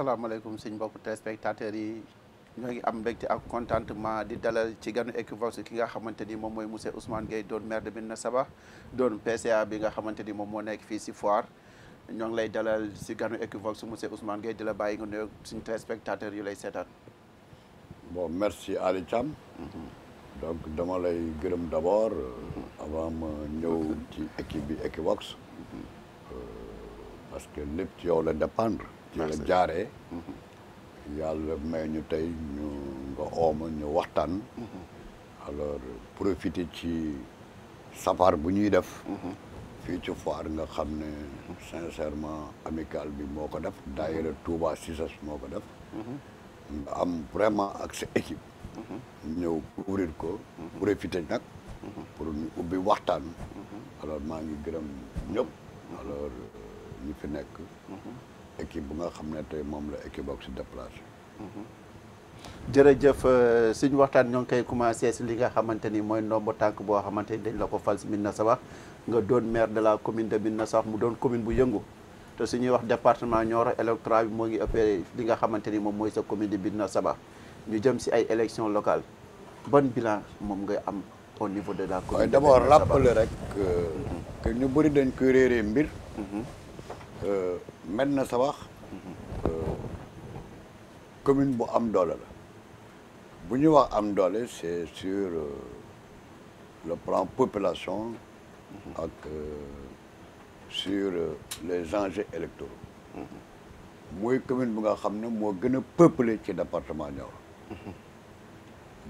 asalaamaaleykum suñ mbokk téléspectateurs yi ñoo ngi am mbégte ak contentement di dalal ci ganu Equivox ki nga xamante ni moom mooy monsieur Ousmane Gueye doon maire de Médina Sabakh doon PCA bi nga xamante ni moom moo nekk fii si foire ñoo ngi lay dalal si ganu Equivox monsieur Ousmane Gueye di la bàyyi nga nuyu suñ téléspectateurs yu lay seetaan bon merci Ali Thiam mhm. donc dama lay gërëm d'abord euh, avant ma ñëw ci équipe bi Equivox mhm. euh, parce que lépp ci yow la dépendre la jaaree mm-hmm. yàlla may ñu tey ñu nga ooma ñu waxtaan mm-hmm. alors ci safar bu ñuy def mm-hmm. fii ci foire nga xam ne sincèrement amical bi moo ko def daayira Touba Cissas moo ko def nga am vraiment ak sa équipe ñëw couvrir ko profiter nag pour ñu ubbi waxtaan alors maa ngi gërëm ñëpp alors ñi fi nekk équipe bu nga xam ne tey moom la Equivox déplacé. Mhm. jërëjëf euh, suñu waxtaan ñoo ngi koy commencé si li nga xamante ni mooy ndombo tànk boo xamante ni dañ la ko fal si na Sabakh nga doon maire de la commune de na Sabakh mu doon commune bu yëngu te suñuy wax département Nioro électorat bi moo ngi ëppee li nga xamante ni moom mooy sa commune de Médina Sabakh ñu jëm si ay élections locales bon bilan moom nga am au niveau de la commune. d' abord rappelé rek euh, que ñu bëri dañ koy réeree mbir. Mhm. Euh, Médina Sabakh euh, commune bu am doole la bu ñu wax am doole c'est sur euh, le plan population ak euh, sur les enjeux électoraux mooy commune bu nga xam ne moo gën a peuplé ci département Nioro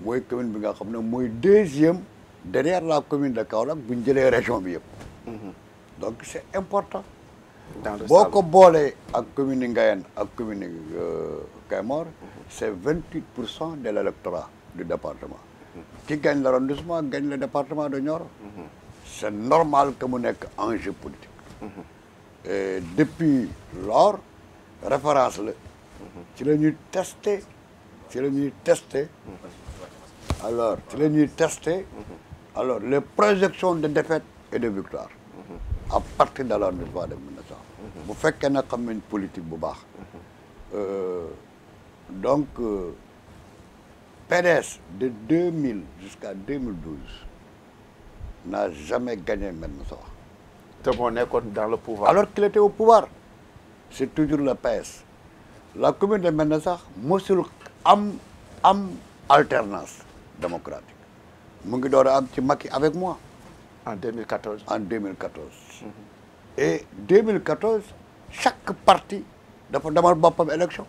mooy commune bi nga xam ne mooy deuxième derrière la commune de Kaolack bu ñu jëlee région bi yëpp donc c'est important boo ko boolee ak commune Ngayane ak commune euh, Kayemor c' est vingt huit pour cent de l' du département qui gagne l' gagne le département de Nioro c' est normal que mu nekk enjeu politique et depuis lors référence la ci la ñuy testé ci la ñuy testé alors ci la ñuy testé alors les projections de défaite et de victoire à partir de l'arrondissement de bu fekkee nag xam nañ politique bu baax euh, donc euh, PDS de deux mille jusqu'à deux mille douze n'a jamais gagné même Moussa te moo nekkoon dans le pouvoir. alors qu'il était au pouvoir c'est toujours le PS la commune de Médina Sakh mosul am am alternance démocratique mu ngi door a am ci Macky avec moi. en 2014 en 2014. Mm -hmm. et 2014 chaque parti dafa demal boppam élection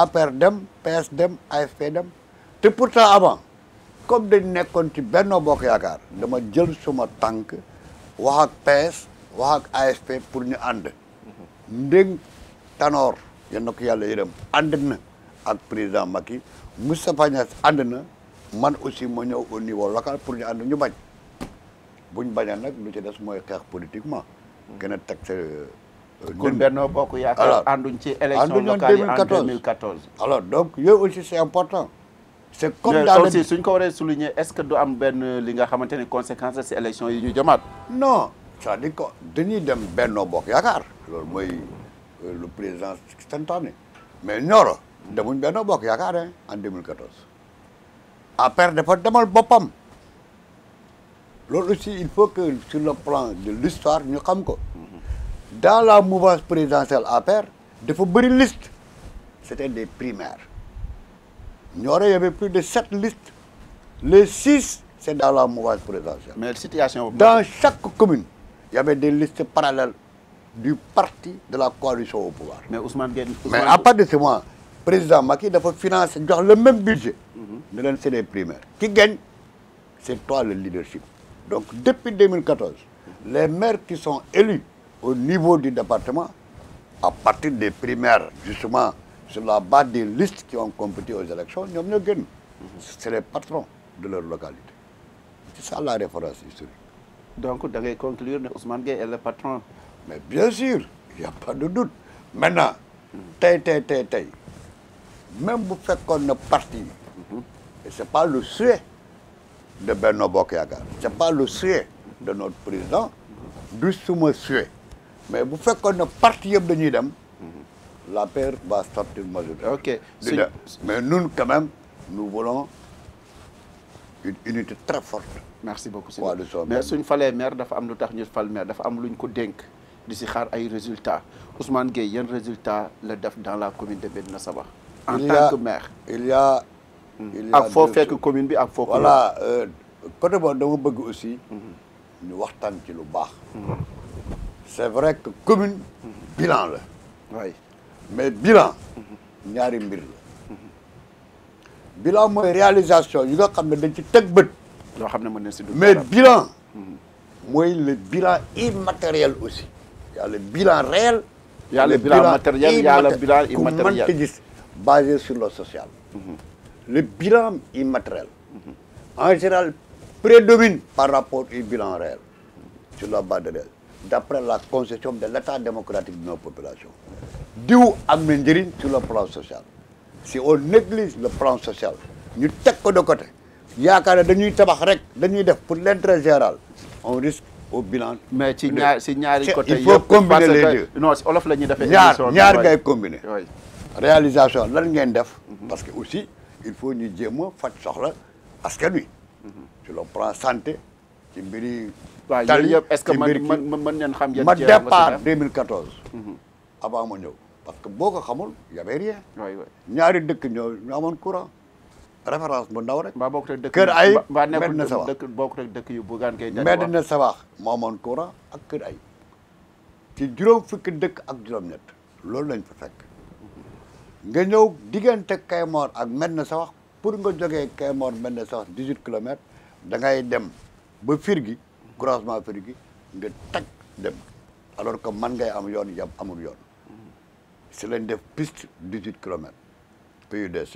APR dem PS dem AFP dem te pourtant avant comme dañ nekkoon ci Benno Bokk Yaakaar dama jël suma tànk wax ak PS ak AFP pour ñu ànd ndéng Tanor yal na ko yàlla yërëm ànd na ak président Macky Moustapha Niasse ànd na man aussi ma ñëw au niveau local pour ñu ànd ñu bañ bu buñ baña nag lu ci des mooy xeex politiquement. Mm. gën a teg sa. Euh, kon Benno Bokk Yaakaar ànduñ ci élection locale yi en 2014 alors donc yooyu aussi c' est important. c' est comme dans aussi suñ ko waree souligner est ce que du am benn euh, li nga xamante ni conséquence si élection ñu jëmaat. non c' est à dañuy dem Benno Bokk Yaakaar loolu mooy euh, le président spontané mais Nioro mm. demuñ Benno Bokk Yaakaar en 2014 APR dafa demal boppam. loolu aussi il faut que sur le plan de l'histoire ñu xam ko dans la mouvance présidentielle APR e dafa bëri liste c'était des primaires Nioro y avait plus de sept listes les six c'est dans la mouvance présidentielle mais situation dans chaque commune y avait des listes parallèles du parti de la coalition au pouvoir mais Ousmane Gueye mais à partir de ce moment président Macky dafa financer jox le même budget mhm. ne leen c'est des primaires qui gagne c'est toi le leadership donc depuis 2014 les maires qui sont élus au niveau du département à partir des primaires justement sur la base des liste qui ont compété aux élections ñoom ñoo génn c'est les patrons de leur localité c'est ça la référence historique donc da ngay conclure ne Ousmane Gueye est le patron mais bien sûr il y a pas de doute maintenant tey tey tey tey même bu fekkoon na parti et c'est pas le souhait de Benno Bokk Yaakaar c'est pas le souhait de notre président du suma souhait mais bu fekkoon ne parti yëpp dañuy dem la paire va sortir majorité ok mais ñun quand même nous voulons une unité très forte merci beaucoup coalition mais suñ falee maire dafa am lu tax ñu fal maire dafa am luñ ko dénk di si xaar ay résultats Ousmane Gueye yan résultat la def dans la commune de Medina na en il y ak foo fekk commune bi ak foo. voilà euh, côté boobu dama bëgg aussi. ñu waxtaan ci lu baax. c'est vrai que commune. bilan la. oui mais bilan. ñaari mbir la. bilan mooy réalisation yi nga xam ne dañ ci teg bët. yoo xam ne mën na si dugg mais bilan. mooy le bilan immatériel aussi. y a le bilan réel. y a le bilan matériel y a le bilan immatériel ku mënta gis basé sur le social. Mhm. le bilan immatériel en général prédomine par rapport au bilan réel sur la base de réel d'après la conception de l'état démocratique de nos populations diw am na njëriñ sur le plan social si au néglige le plan social ñu teg ko de côté yaakaar dañuy tabax rek dañuy def pour l'intérêt général on risque au bilan. mais ci ñaar si ñaari côté yëpp il faut combiner les deux non olof la ñuy defee. ñaar ñaar ngay combiner. réalisation lan ngeen def. Mhm. parce que aussi. il faut ñu jéem a faj soxla askan wi. ci l'on prend santé ci mbiri. tali yëpp est-ce que man man mën ngeen xam. ma départ 2014. Mhm. avant ma ñëw parce que boo ko xamul ya avait rien. ñaari dëkk ñoo ñu amoon courant. référence bu ndaw rek. mbaa bokkul ak dëkk kër ay. mbaa nekkul dëkk bokkul ak dëkk yu bugaan kay. Medina Sabaax moo amoon courant ak kër ay. ci juróom fukki dëkk ak juróom-ñett loolu lañ nga ñëw diggante Kaymoor ak na Sawax pour nga jógee Kaymoor Médina Sawax dix-huit kilomètres da ngay dem ba Firgi croisement Firgi nga tag dem alors que man ngay am yoon yam amul yoon si lañ def piste dix-huit kilomètres PUDC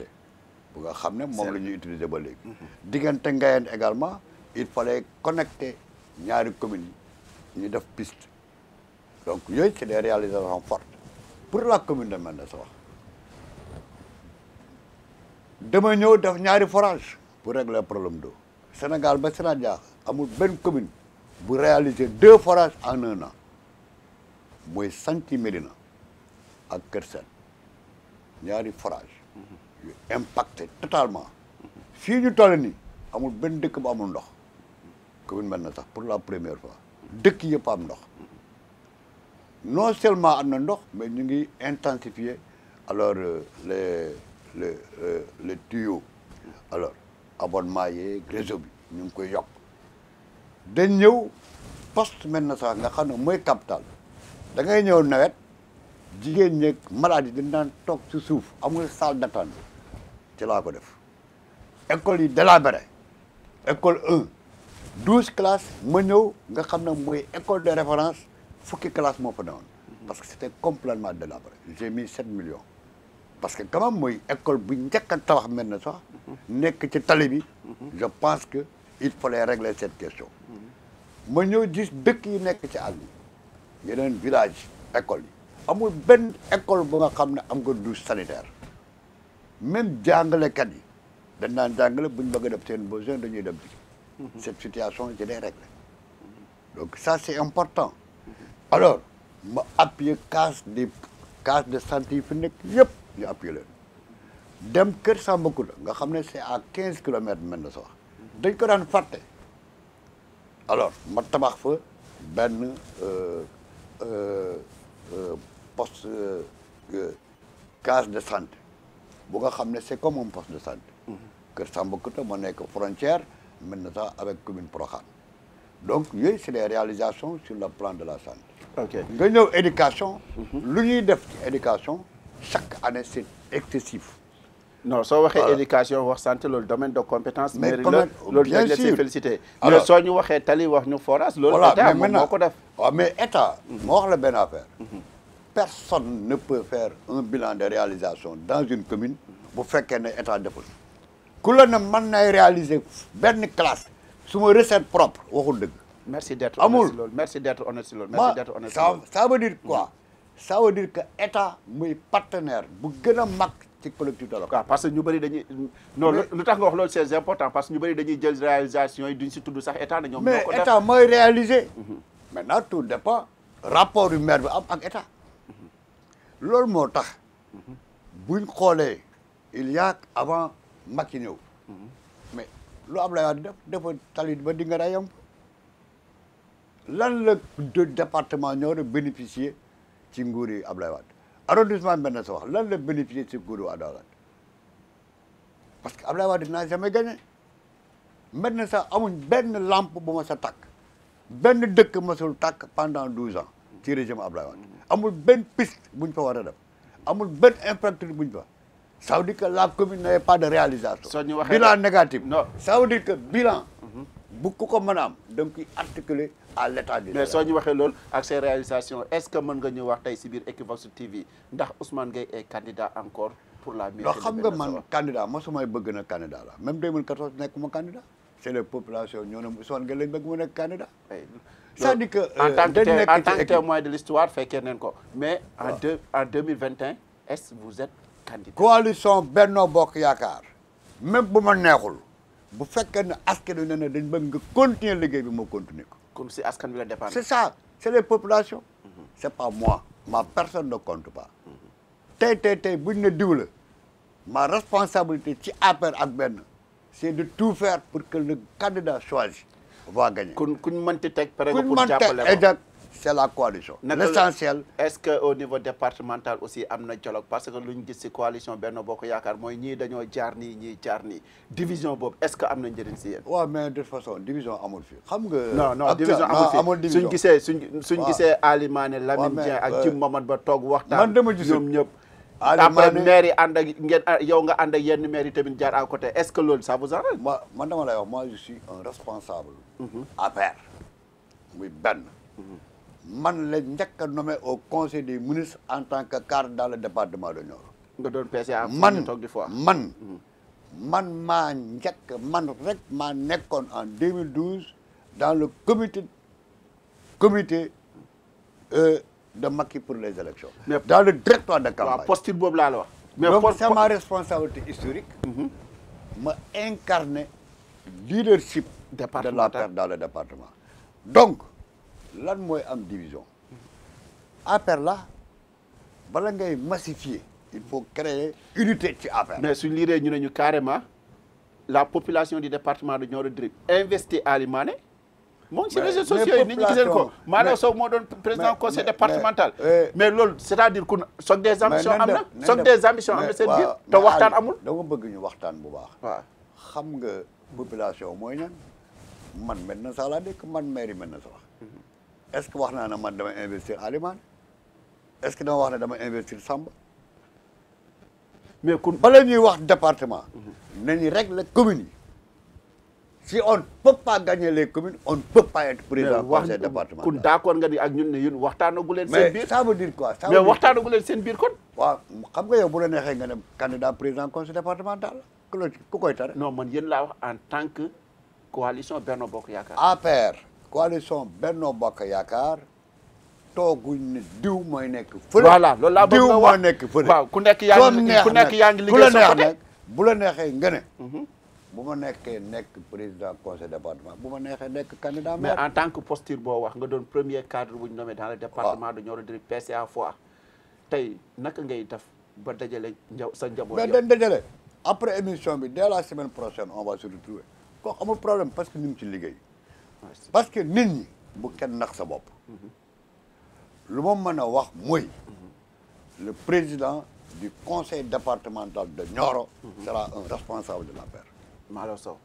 bu nga xam ne moom la ñuy utiliser ba léegi diggante ngayen également il fallait connecter ñaari communes yi ñu def piste donc yooyu c'est des réalisations fortes pour la commune de Médina Sawax dama ñëw def ñaari forage pour régler problème d'eau Sénégal ba Sénégal jaax amul benn commune bu réaliser deux forages en un an mooy Santhi Médina ak Kër Sène ñaari forage yu impacté totalement fii ñu toll nii amul benn dëkk bu amul ndox commune mel na sax pour la première fois dëkk yëpp am ndox non seulement am na ndox mais ñu ngi intensifier alors euh, le euh, le tuyau alors abonnement yeeg réseau bi ñu ngi koy yokk dañ ñëw poste maintenant nga xam ne mooy capital dangay ngay ñëw nawet jigéen ñeeg malade yi dañ daan toog ci suuf amul salle d'attente ci laa ko def école yi délabré école un douze classes ma ñëw nga xam ne mooy école de référence fukki classe moo fa newoon parce que c'était complètement délabré j'ai mis sept millions parce que quand mooy école bu njëkk a tabax mel na sax nekk ci tali bi je pense que il fallait régler cette question ma ñëw gis dëkk yi nekk ci àll yi yeneen village école yi amu benn école bu nga xam ne am nga douche sanitaire même jàngalekat yi dañ naan jàngale bu ñu bëgg a def seen besoin dañuy dem bi cette situation je l'ai réglée donc ça c'est important alors ma appuyer case des case de santé yi fi nekk yëpp ñu appuyé leen dem kër Samba Counda nga xam ne c'est à quinze kilomètres mel na sax dañ ko daan fàtte alors ma tabax fa benn euh, euh, euh, poste case de santé bu nga xam ne c'est comme un poste de santé mm-hmm. kër Samba Counda moo nekk frontière mel na sax avec commune Prokhane donc yooyu c'est des réalisations sur le plan de la santé ok nga ñëw éducation mm-hmm. lu ñuy def ci éducation chaque année c' est excessif. non soo waxee éducation wax santé loolu domaine de compétence. mais loolu dañ la siy félicité. mais soo ñu waxee tali wax ñu forage. loolu état moom moo ko def waaw mais état. moo wax la benn affaire. personne ne peut faire un bilan de réalisation dans une commune. bu fekkee ne état deful. ku la ne mën nay réaliser benn classe. su ma recette propre waxul dëgg. amul merci d' être loolu merci d' être honnête si loolu. merci d' être honnête si loolu ça veut dire que état muy partenaire bu gën a mag ci collectivité locale. waaw ah, parce que ñu bëri dañuy. non lu tax nga wax loolu c'est important parce que ñu bëri dañuy jël réalisation yi duñ si tudd sax état na ñoom. mais état mooy réaliser. Mhm. na tout dépend rapport yu maire bi am ak état. Mhm. loolu moo tax. Mhm. buñ xoolee il y a avant Macky ñëw. mais lu Ablaye Wade def dafa di nga daa lan la de département ñoo doon ci nguuri Ablaye Wade arrondissement na sa wax lan la bénéficier ci nguuri Ablaye parce que Ablaye Wade n'a jamais gagné na sa amuñ benn lampe bu ma sa tàkk benn dëkk masul tàkk pendant douze ans ci régime Ablaye Wade amul benn piste buñ fa war a def amul benn infrastructure buñ fa ça veut dire que la commune n'avait pas de réalisation bilan négatif non ça veut dire que bilan bu ko mën a am da nga koy articuler à l'état du mais soo ñu waxee lool ak ses est-ce que mën nga ñu wax tey si biir Equivox TV ndax Ousmane Gueye est candidat encore pour la mairie de xam nga man candidat ma bëgg na candidat la même 2014 nekkuma candidat c'est les populations ñoo ne Ousmane Gueye lañ bëgg mu nekk candidat cest à que en euh, tant que en tant que témoin de l'histoire fekkee neen ko mais en deux en 2021 est-ce vous êtes candidat coalition Benno Bokk Yaakaar même bu ma neexul bu fekkee ne askan wi ne dañ bëgg nga continuer liggéey bi moo continuer ko. comme si askan bi la dépendre. c'est ça c'est les populations. Mhm. c'est pas moi ma personne ne compte pas. Mhm. tey tey tey buñ ne diw la ma responsabilité ci APR ak benn c'est de tout faire pour que le candidat choisi va gagner. kuñ kuñ mënti teg pare pour jàppale ko c'est la coalition. l'essentiel est-ce que au niveau départemental am na dialogue parce que lu ñu gis ci coalition Benno Bokk Yaakaar mooy ñii dañoo jaar nii ñii jaar nii division boobu es ce que am na njëriñ ci yéen. waaw mais de toute façon division amul fi xam nga. non non division amul fi suñ gisee suñ suñ gisee Aly Mané Lamine Dieng Ba toog waxtaan. man dama gis ñoom ñëpp. après maire yi ànd ak ngeen ah, yow nga ànd ak yenn maire yi tamit jaar a côté est-ce que loolu ça vous arrange. ma man dama lay wax moi je suis un responsable. Mhm. a part man le njëkk a nommé au conseil des ministres en tant que cadre dans le département de Nioro. nga doon PCA man man mm-hmm. man maa njëkk man rek maa nekkoon en 2012 dans le comité comité euh, de Macky pour les élections dans le directoire de campagne. waaw posture boobu laa la wax. mais donc c'est ma responsabilité historique. Mm-hmm. ma incarné leadership. de la paire dans le département donc. lan mooy am division APR la bala ngay massifier il faut créer unité ci APR. mais su liiree ñu ne ñu carrément la population du département de ñoo Dirib investi Ali Mané moo ngi si réseaux sociaux yi nit ñi giseen ko Maanaam Sow moo doon président conseil départemental eh. mais loolu c'est-à-dire que soog des ambitions am na soog des ambitions am na seen biir te waxtaan amul dama bëgg ñu waxtaan bu baax waaw xam nga population mooy nan man mel na sax laa dëkk man mairie mel na sax est-ce que wax naa ne man dama investir Alimane est-ce que dama wax ne dama investir Samba mais kon bala ñuy wax departement département nañu régler communes yi si on peut pas gagner les communes on ne peut président conseil départemental kon d'accord nga ni ak ñun ne yéen waxtaanagu leen seen biir mais ça veut dire seen biir kon waaw nga yow bu la neexee nga ne candidat président conseil départemental ku koy tare non man yéen laa wax en tant que coalition Benno Bokk coalition Benno Bokk Yaakaar tooguñ ne diw mooy nekk fële. voilà loolu diw mooy nekk fële. waaw ku nekk yaa ngi e nekk yaa ngi liggéey sa côté bu la neexee nga ne. Mhm. bu ma nekkee nekk président conseil département bu ma neexee nekk candidat maire. mais en tant que postir boo wax nga doon premier cadre bu ñu nommé dans le département de Nioro du PCA fois tey naka ngay def ba dajale njaw sa njaboot. mais dañ dajale après émission bi dès la semaine prochaine on va se retrouver kooku amul problème parce que ñu ngi ci liggéey. parce que nit ñi bu kenn nax sa bopp lu ma mën a wax muy le président du conseil départemental de Nioro sera un responsable de l'APR Malaw Sow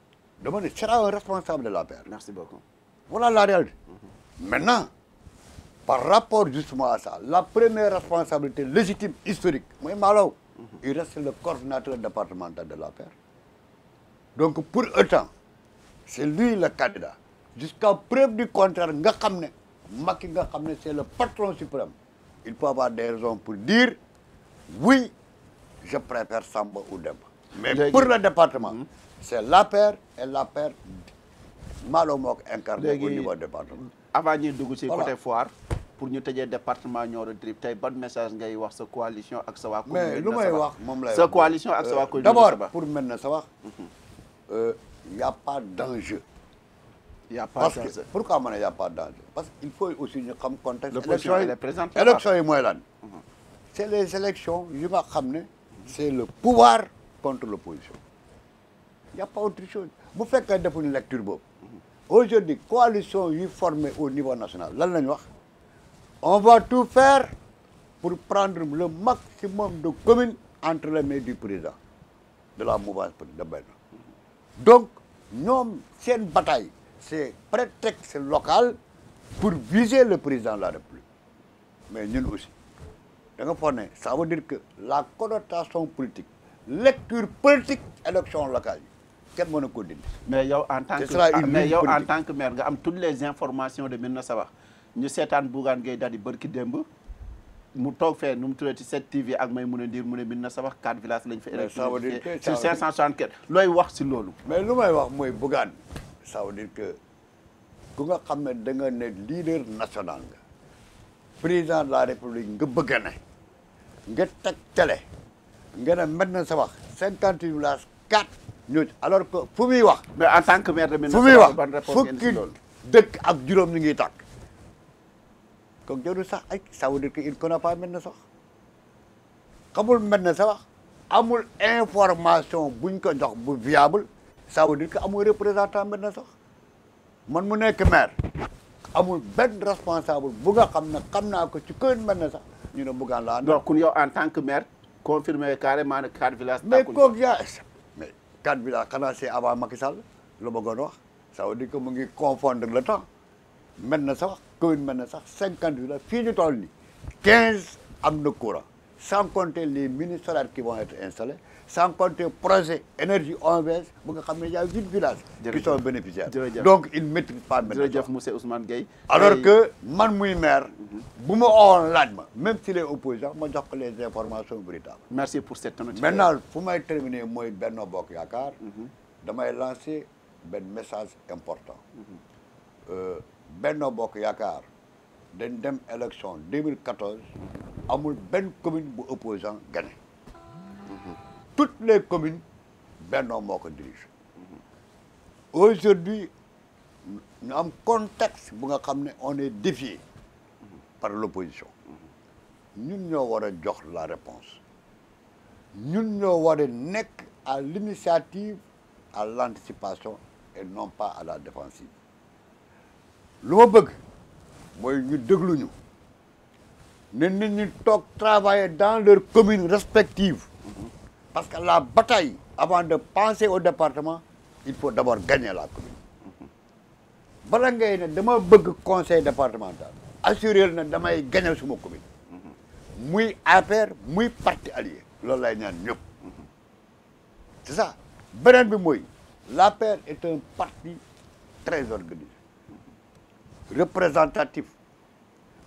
dama ne sera un responsable de l'APR beaucoup voilà la réalité maintenant par rapport justement à ça la première responsabilité légitime historique mooy Malaw il reste le coordinateur départemental de l'APR donc pour autant c'est lui le candidat jusqu'à preuve du contraire nga xam ne Macky nga xam ne c'est le patron suprême il peut avoir des raisons pour dire oui je préfère Samba ou Demba mais léegi. pour le département hmm? c'est l'APR et l'APR maaloo moo ko incarné au niveau département avant ñuy dugg si côté foire pour ñu tëjee département Nioro Drip tey ban message ngay wax sa coalition ak sa waa lu may wax moom lay sa coalition ak sa waa euh, d'abord pour mën na sa wax mhm. euh, y a pas d'enjeu y' a pas de danger parce que pourquoi ma ne a pas de danger parce que il faut aussi ñu xam contexte. élection yi élection yi mooy est les élections yu nga xam ne. c' est le pouvoir contre l' opposition. y' a pas autre chose bu fekkee defuñu lecture boobu. aujourd'hui coalition yu formée au niveau national lan la ñu wax. on va tout faire pour prendre le maximum de communes entre les mains du président de la mouvance de Benno donc ñoom seen bataille. ces prétextes local pour viser le président la République mais ñun aussi da nga foog ne ça veut dire que la connotation politique lecture politique élection locale yi kenn mën na ko dindi. mais yow en tant que ah, mais yow en tant que maire nga am toutes les informations de Médina Sabakh ñu seetaan Bougane Gueye Dany bërki demb mu toog fee nu mu tuddati 7TV ak may mun a dire mu na Médina Sabakh quatre villages lañ fa. électrifié sur 564 looy wax si loolu. mais lu may wax mooy Bougane ça veut dire que nga xam ne da nga ne leader national nga président de la république nga bëgg a ne nga teg télé nga ne mën na sa wax cinquante villages quatre ñooñu alors que fu muy wax. mais en tant que maire de fu muy wax fukki dëkk ak juróom ñu ngi tàkk. kon jarul sax ay ça veut dire que il connaît pas mën na sa wax xamul mën na sa wax amul information buñ ko jox bu viable. ça veut dire que amul représentant sax man mu nekk maire amul benn responsable bu nga xam ne xam naa ko ci commune benn sax ñu ne Bougane laa. donc kon yow en tant que maire confirmé carrément ne cadre village. mais kooku yaa mais cadre village xanaa c'est avant Macky Sall la bëggoon wax ça veut mu ngi confondre le temps mel na sax commune mel na sax cinquante villages fii ñu toll nii quinze am na courant sans compter les mini solaires qui vont être installés. sans compter projet énergie OMVS bu nga xam ne y a huit villages qui sont bénéficiaires donc ils ne maîtrisent pas jërëjëf monsieur Ousmane Gueye alors que man muy maire mhm. bu ma owoon laaj ma même s'il est opposant ma jox ko les informations véritables merci pour cette note maintenant fu may terminer mooy Benno Bokk Yaakaar mhm. damay lancer benn message important mhm. euh, Benno Bokk Yaakaar dañ dem élection 2014 amul benn commune bu opposant gagné toutes les communes Benno moo ko dirige aujourd'hui ñu am contexte bu nga xam ne on est défié par l'opposition ñun ñoo war jox la réponse ñun ñoo war nekk à l'initiative à l'anticipation et non pas à la défensive lu ma bëgg mooy ñu dégluñu ne nit ñu toog travailler dans leurs communes respective Parce que la bataille, avant de penser au département, il faut d'abord gagner la commune. bala ngay dama bëgg conseil départemental assurer na damay gagner suma commune. muy APR muy parti allié. loolu lay ñaan ñëpp. c'est ça beneen bi mooy l'APR est un parti très organisé représentatif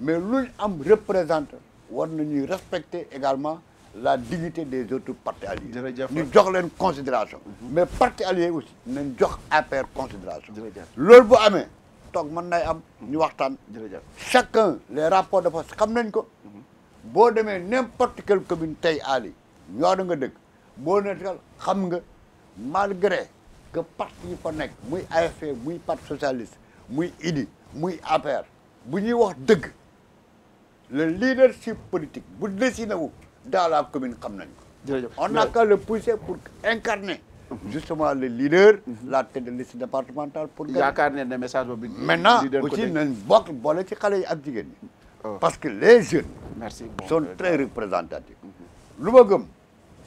mais luñ am représentant war nañuy respecter également. la dignité des autres partis alliés. ñu jox leen considération mhm. mais partis alliés aussi nañ jox APR considération loolu bu amee toog mën nay am mhm. ñu waxtaan chacun les rapport de force xam nañ ko mhm. boo demee n'importe quelle commune tey Ali ñoo nga dëkk boo nekkal xam nga malgré que parti yi fa nekk muy AFP muy parti socialiste muy IDI muy APR bu ñuy wax dëgg le leadership politique bu décidé wu dans la commune xam nañ ko on n'a qu'à le pousser pour incarner justement le leader la tête de liste départementale pour yaakaar ne ne message boobu maintenant aussi nañ bokk boole ci xale yi ak jigéen oh. parce que les jeunes merci sont très représentatifs lu ma gëm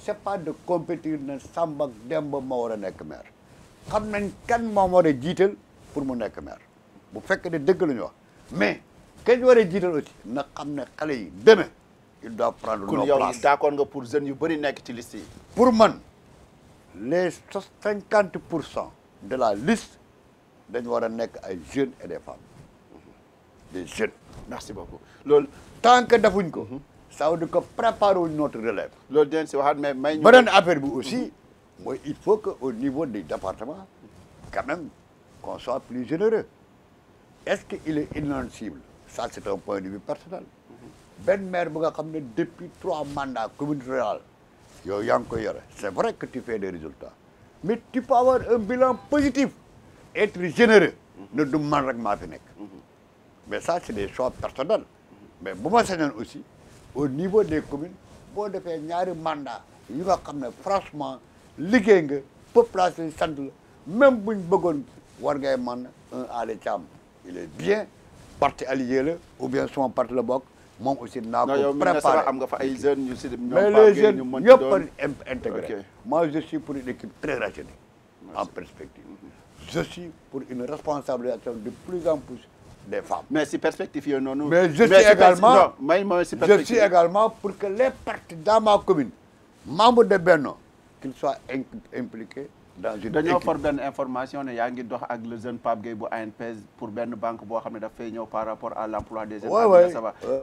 c'est pas de compétir na Samba ak Demba ma war a nekk maire xam nañ kan moom war jiital pour mu nekk maire bu fekkee ne dëgg la ñu wax mais kenn war a jiital aussi na xam ne xale yi demee il yo prendre nos pour jeunes yu bëri nekk ci liste yi. pour man les cinquante pour cent de la liste dañu war a nekk ay jeunes et des femmes des jeunes. merci beaucoup loolu tant que defuñ ko. Mhm. ça ko dire que préparer wuñ notre relève. loolu den si waxaat mais may. beneen affaire bi aussi. Mhm. mooy il faut que au niveau des départements quand même qu'on soit plus généreux est-ce qu'il est inadmissible ça c'est un point de vue personnel. benn maire bu nga xam ne depuis trois mandats commune rurale yow yaa ngi koy yore c'est vrai que tu fais de résultats mais tu peux avoir un bilan positif être généreux ne du man ma maa fi nekk mais ça c'est des choix personnels mais bu ma sañoon aussi au niveau des communes boo defee ñaari mandat yu nga xam ne franchement liggéey nga population yi sant la même buñ bëggoon war ngay man un Aly Thiam il est bien parti allié la ou bien son parti la bokk moom aussi naa ko am nga fa ay jeunes yu si mais les jeunes ñëpp a intégré moi pour une équipe très rationnée en perspective je pour une responsabilisation de plus en plus des femmes mais si perspective yooyu noonu mais je suis également pour que les partis dans ma commune membres de Benno qu'ils soient impliqués dans une dañoo for benn information ne yaa ngi dox ak le jeune Pape Gueye bu ANPEJ pour benn banque boo xam ne daf fay ñëw par rapport à l' emploi des jeunes. waaw waay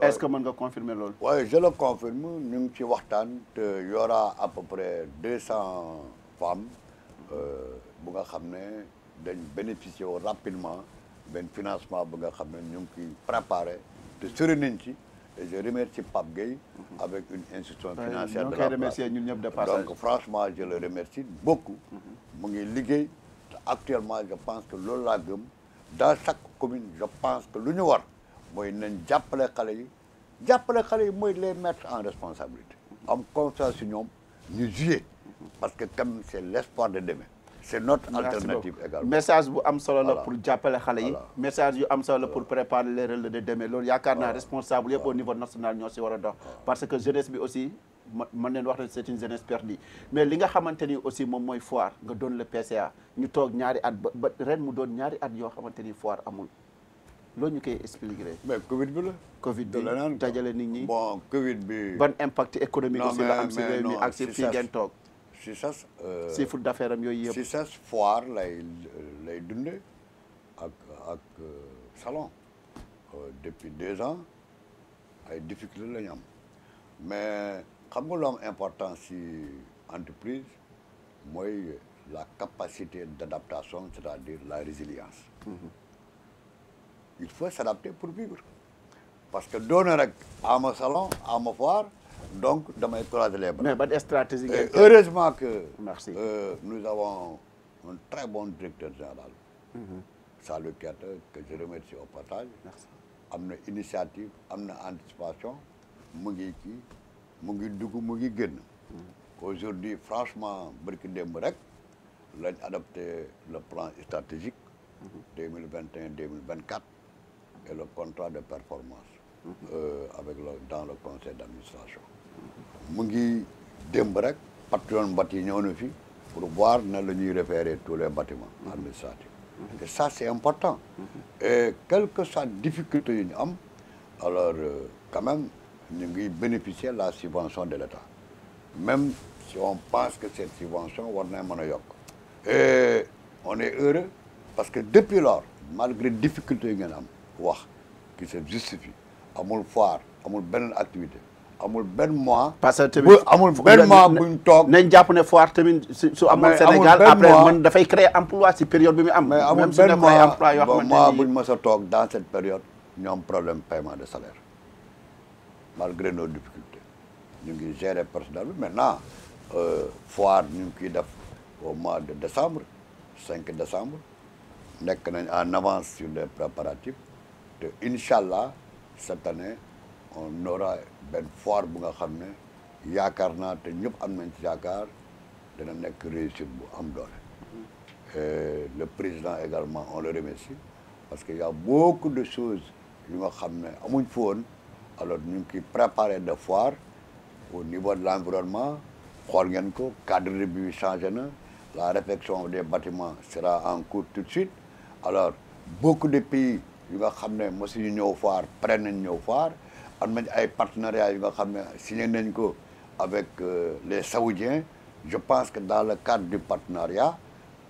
est ce que mën nga confirmer loolu. oui je le confirme ñu ngi ci waxtaan te y aura à peu près cent femmes euh, bu nga xam ne dañ bénéficier rapidement benn financement bu nga xam ne ñu ngi ciy préparé te sori nañ ci. et je remercie Pape Gueye mhm. avec une institution financière de la place donc franchement je le remercie beaucoup mhm. mu ngi liggéey actuellement je pense que loolu laa gëm dans chaque commune je pense que lu ñu war mooy nañ jàppale xale yi jàppale xale yi mooy les mettre en responsabilité mhm. am confiance si ñoom ñu jouer parce que quand même c'est l'espoir de demain c'est notre alternative également message bu am solo la pour jàppale xale yi message yu am solo la pour préparer les relais de loolu yaakaar naa responsable yëpp au niveau national ñoo si war a dox parce que jeunesse bi aussi man neen wax ne c'est jeunesse perdue mais li nga xamante ni aussi moom mooy foire nga doon le PCA ñu toog ñaari at ba ren mu doon ñaari at yoo xamante ni foire amul loolu ñu koy expliquer. mais Covid bi la. Covid bi dajale nit ñi. bon Covid bi. ban impact économique la am si réew mi toog. si sas euh, chiffre d'affaires am yooyu yëpp si sas foire lay lay dunde ak euh, salon euh, depuis deux ans a difficulté la ñu am mais xam nga lu importance si entreprise mooy la capacité d'adaptation c'est-à-dire la résilience mhm. il faut s'adapter pour vivre parce que doona rek ama salon ama foire donc damay croiser les bras. mais ban stratégie ngay. heureusement que. merci euh, nous avons un très bon directeur général. Mm -hmm. Salou Keita que je remercie au partage. am na initiative am na anticipation mu ngi kii mu ngi dugg mu ngi génn. Mhm. aujourd'hui franchement barki démb rek lañ adopté le plan stratégique. Mhm. deux mille vingt et un deux vingt quatre le contrat de performance. Mm -hmm. euh, avec le dans le conseil d'administration. mu ngi démb rek patron bâti ñëw na fi pour voir na la ñuy référer tous les bâtiments administratifs mhm. te ça c' est important mhm. e quelle que soit difficulté yu ñu am alors euh, ñu ngi bénéficier la subvention de l'État même si on pense que cette subvention war na mën a yokk e on est heureux parce que depuis lors malgré difficulté yi ngeen am wax qui se justifie amul foir amul beneen activité amul benn mois. parce que amul benn mois buñ toog. nañ jàpp ne foire tamit su amul Sénégal après man dafay créer emploi si période bi mu am. mais amul benn mois ba mois buñ mës a toog dans cette période. ñu am problème paiement de salaire malgré nos difficultés ñu ngi gérer personnel bi maintenant euh, foire ñu ngi koy def au mois de décembre 5 décembre nekk nañ en avance sur les préparatifs te incha allah cette année. on aura benn foire bu nga xam ne yaakaar naa te ñëpp am nañ ci yaakaar dana nekk réussite bu am doole. Mm-hmm. et euh, le président également on le remercie parce que y a beaucoup de choses yu nga xam ne amuñ fi alors ñu ngi ciy préparé de foire au niveau de l'environnement xool ngeen ko cadre bi changé na la réfection des bâtiments sera en cours tout de suite alors beaucoup de pays yu nga xam ne mosuñu ñëw foir pare nañ ñëw foire. am nañ ay partenariat yu xam ne signé nañ ko avec euh, les saoudiens je pense que dans le cadre du partenariat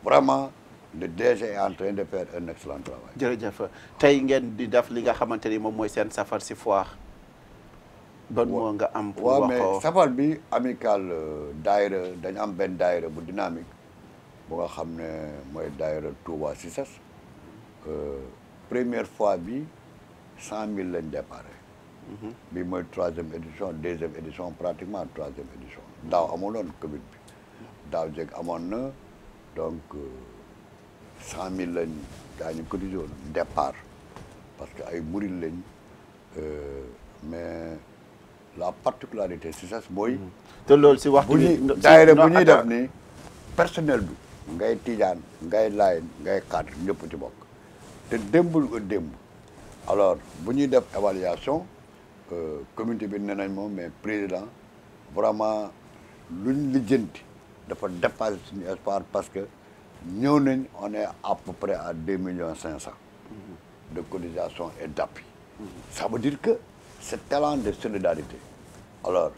vraiment de DG est de faire un excellent travail. jërëjëf tey ngeen di def li nga xamante ni moom mooy seen safar si foire. ban moo nga am. pour wax waaw safar bi amical euh, daayira dañu am benn daayira bu dynamique bu xam ne mooy daayira Touba Cissas euh, première fois bi cent mille lañ déparé. bi mooy troisième édition deuxième édition pratiquement troisième édition daaw amuloon Covid bi daaw jeg amoon na donc euh, cent mille lañ gaa ñu cotisé woon départ parce que ay murid lañ euh, mais la particularité si sas mooy mm-hmm. te loolu si waxtu bi daayira bu ñuy def ni personnel bi ngay tijaan ngay laayin ngay cadre ñëpp ci bokk te démbul démb alors bu ñuy def évaluation Euh, communauté bi nee nañ moom mais président vraiment luñ lijjanti dafa dépassé suñu espoir parce que ñëw nañ on est à peu près à deux millions cent de cotisation et d'appui ça veut dire que c'est talent de solidarité alors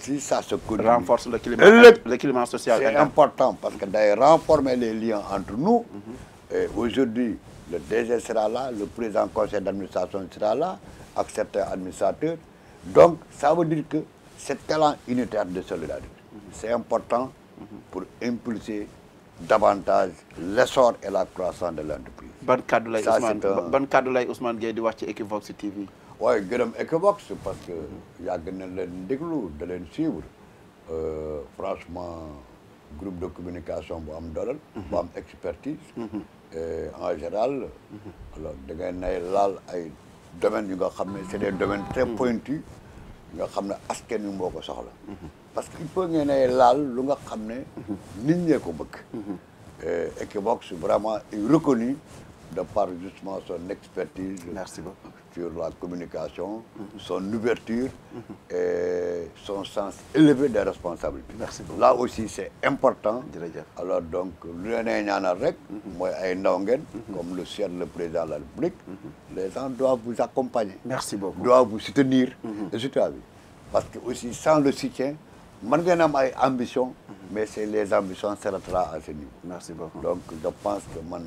si ça se continue renforce le climat le, le climat social c'est important parce que day renforcer les liens entre nous mm -hmm. et aujourd'hui le DG sera là le président conseil d'administration sera là ak certains administrateurs donc ça veut dire que cet unitaire de solidarité c'est important pour impulser davantage l'essor et la croissance de l'entreprise. ban kàddu lay Ousmane ban kàddu lay Ousmane Gueye di wax ci Equivox TV. waaye gërëm Equivox parce que yàgg na leen déglu da leen suivre euh, franchement groupe de communication bu am doolal. am expertise. Mhm. en général. Mhm. alors laal ay. domaines yu nga xam ne c'est des domaines très mm-hmm. pointus nga xam ne askan wi mboo ko soxla mm-hmm. parce que il faut ngeen ay laal lu nga xam ne mm-hmm. nit ñee ko bëgg euh, Equivox vraiment est reconnu de par justement son expertise Merci beaucoup. sur la communication, mmh. son ouverture mmh. et son sens élevé des responsabilités. Merci beaucoup. Là aussi c'est important. Jërëjëf. Alors donc lu nee ñaanal rek mooy ay ndaw ngeen comme le chef le président de la République les gens doivent vous accompagner. Merci beaucoup. doivent vous soutenir mm-hmm. et surtout parce que aussi sans le soutien mën ngeen am ay ambition mm-hmm. mais c'est les ambitions s'arrêteront à ce Merci beaucoup. Donc je pense que man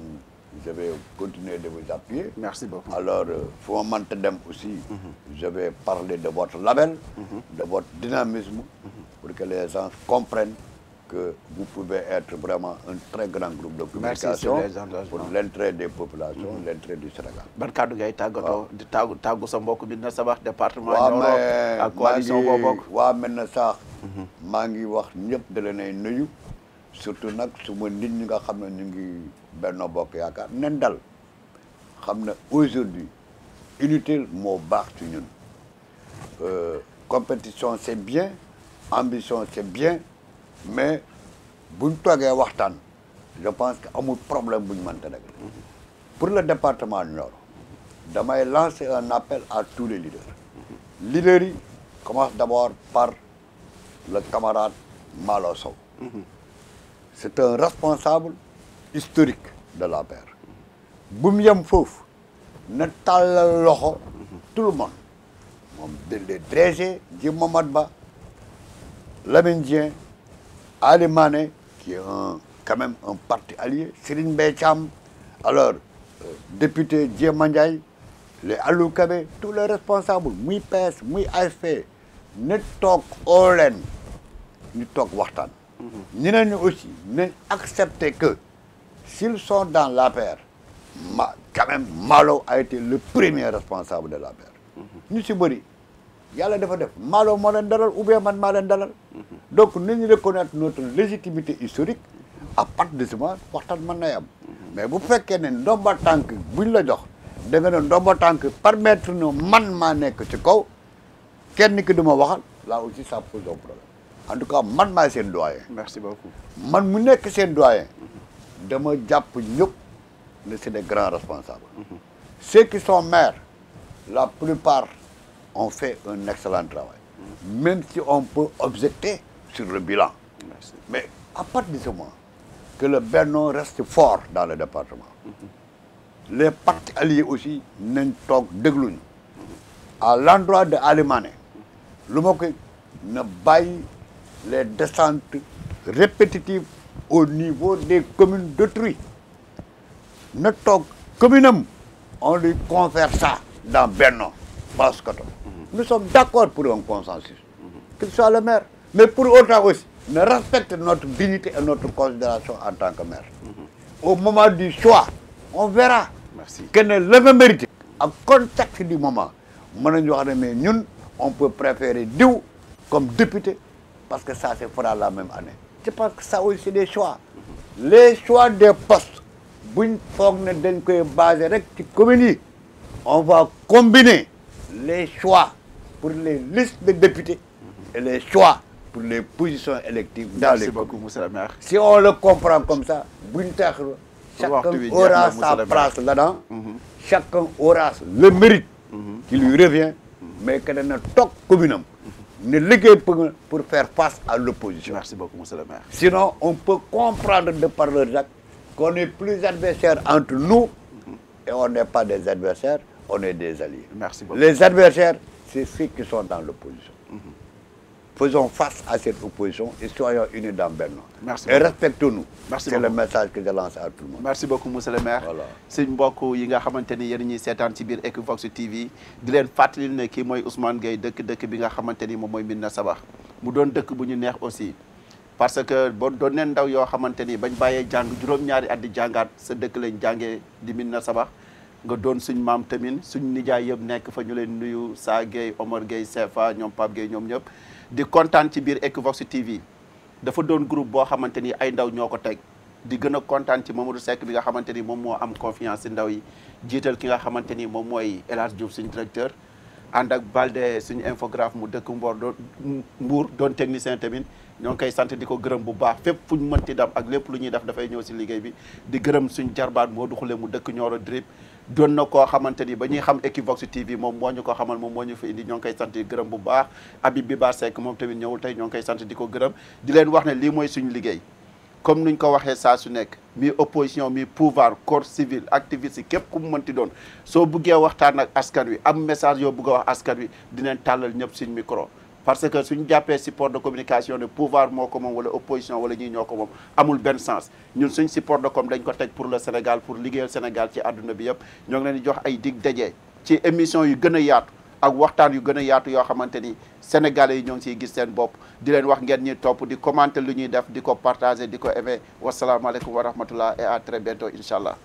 je vais continuer de vous appuyer. merci beaucoup alors euh, fu ma dem aussi. je vais de votre label. de votre dynamisme. pour que les gens comprennent que vous pouvez être vraiment un très grand groupe de communication pour l'entrée des populations l'entrée du Sénégal ban kàddu ngay tàggatoo di tàggu tàggu sa mbokk bi na sabax département Nioro ak coalition boo wa waaw mel na sax maa ngi wax ñëpp da leen ay surtout nag su ma nit ñi nga xam ne ñu ngi benn Bokk Yaakaar nen dal xam ne aujourd'hui inutile moo baax ci ñun euh, compétition c'est bien ambition c'est bien mais buñ toogee waxtaan je pense que amul problème bu ñu mënta régler pour le département Nioro damay lancer un appel à tous les leaders leaders yi commence d'abord par le camarade Malo Sow mhm. c'est un responsable historique de la bu mu yem foofu na tàllal loxo tout le monde moom de DG ji Ba Lamine Dieng Ali Mané qui est un quand même un parti allié Serigne Mbaye alors euh, député Diema Ndiaye les Alou Kabe tous les responsables muy PS muy AFP ne toog oo leen ñu toog waxtaan mm-hmm. ñeneen ñi aussi ne accepter que s'ils sont dans l'APR ma quand même Malo a été le premier responsable de l'APR mm-hmm. ñu si bëri yàlla dafa def Malo moo leen dalal ou bien man maa leen dalal mm-hmm. donc nañu reconnaître notre légitimité historique à partir de ce moment waxtaan mën nay am mm-hmm. mais bu fekkee ne ndomba tànk ñu la jox da nga ne ndomba tànk permettre na man maa nekk ci kaw kenn ki du ma waxal là aussi ça pose un problème en tout cas man maa seen doyen merci beaucoup man mu nekk seen doyen dama jàpp ñëpp ne c'est des grands responsables ceux qui sont maires la plupart ont fait un excellent travail même si on peut objecter sur le bilan Merci. mais à partir que le Benno reste fort dans le département les partis alliés aussi nañ toog dégluñu à l'endroit de Ali Mané lu ma koy les descentes répétitives au niveau des communes d'autrui na toog commune am on lui confère ça dans Benno Bokk Yakaar mhm. sommes d'accord pour un consensus mhm. qu'il soit le maire mais pour autant aussi ne respecte notre dignité et notre considération en tant que maire mhm. au moment du choix on verra merci que ne la nga mérité ak contexte du moment mën nañu wax ne mais ñun on peut préférer diw comme député parce que ça se fera la même année c'est parce que ça aussi des choix les choix des postes buñ foog ne dañ koy basé rek ci yi on va combiner les choix pour les listes de députés et les choix pour les positions électives dans les communes. Merci beaucoup le maire. si on le comprend comme ça buñ tax chacun aura sa place là-dedans mhm. chacun aura le mérite mhm. qui lui revient mhm. mais que dana toog commune ne liggéey pour faire face à l'opposition merci beaucoup monsieur le maire sinon on peut comprendre de par leurs actes qu'on n'est plus adversaires entre nous et on n'est pas des adversaires on est des merci beaucoup les adversaires c'est ceux qui sont dans l'opposition mm faisons face à cette opposition et soyons unis dans Benno. merci beaucoup et respectons-nous. merci beaucoup c'est le message que je lance à tout le monde. merci beaucoup monsieur le maire. suñ mbokk yi nga xamante ni yéen ñuy seetaan ci biir Equivox TV di leen fàttali ne kii mooy Ousmane gay dëkk dëkk bi nga xamante ni moom mooy Médina Sabakh mu doon dëkk bu ñu neex aussi. parce que boo doon neen ndaw yoo xamante ni bañ bàyyee jàng juróom-ñaari at di jàngaat sa dëkk lañ jàngee di na Sabakh nga doon suñ maam tamit suñ nijaay yëpp nekk fa ñu leen nuyu Sa Gueye Omar Gueye Sefa ñoom Pape ñoom ñëpp di kontaan ci biir Equivox TV dafa doon groupe boo xamante ni ay ndaw ñoo ko teg di gën a kontaan ci Mamadou Seck bi nga xamante ni moom moo am confiance ci yi jiital ki nga xamante ni moom mooy El Hadj Diouf suñu directeur ànd ak Balde suñu infographe mu dëkk Mbour doon Mbour doon technicien tamit ñoo ngi koy sant di ko gërëm bu baax fépp fu ñu mënti dam ak lépp lu ñuy def dafay ñëw si liggéey bi di gërëm suñu jarbaat moo duxule mu dëkk Nioro Drip doon na koo xamante ni ba ñuy xam Equivox TV moom moo ñu ko xamal moom moo ñu fi indi ñoo ngi koy sant di gërëm bu baax bi Bibar Seck moom tamit ñëwul tey ñoo ngi koy sant di ko gërëm di leen wax ne lii mooy suñu liggéey comme ñu ko waxee saa su nekk mi opposition mi pouvoir corps civil activiste képp ku mu mënti doon soo buggee waxtaan ak askan wi am message yoo bëgg a wax askan wi dinañ tàllal ñëpp suñ micro parce que suñ jàppee support de communication ne pouvoir moo ko moom wala opposition wala ñii ñoo ko moom amul benn sens ñun suñ support de com dañ ko teg pour le Sénégal pour liggéeyal Sénégal ci àdduna bi yëpp ñoo ngi leen di jox ay dig daje ci émission yu gën a yaatu ak waxtaan yu gën a yaatu yoo xamante ni sénégalais yi ñoo ngi ciy gis seen bopp di leen wax ngeen ñuy topp di commenter lu ñuy def di ko partager di ko aimer wasalaamaaleykum wa rahmatullah et à très bientôt allah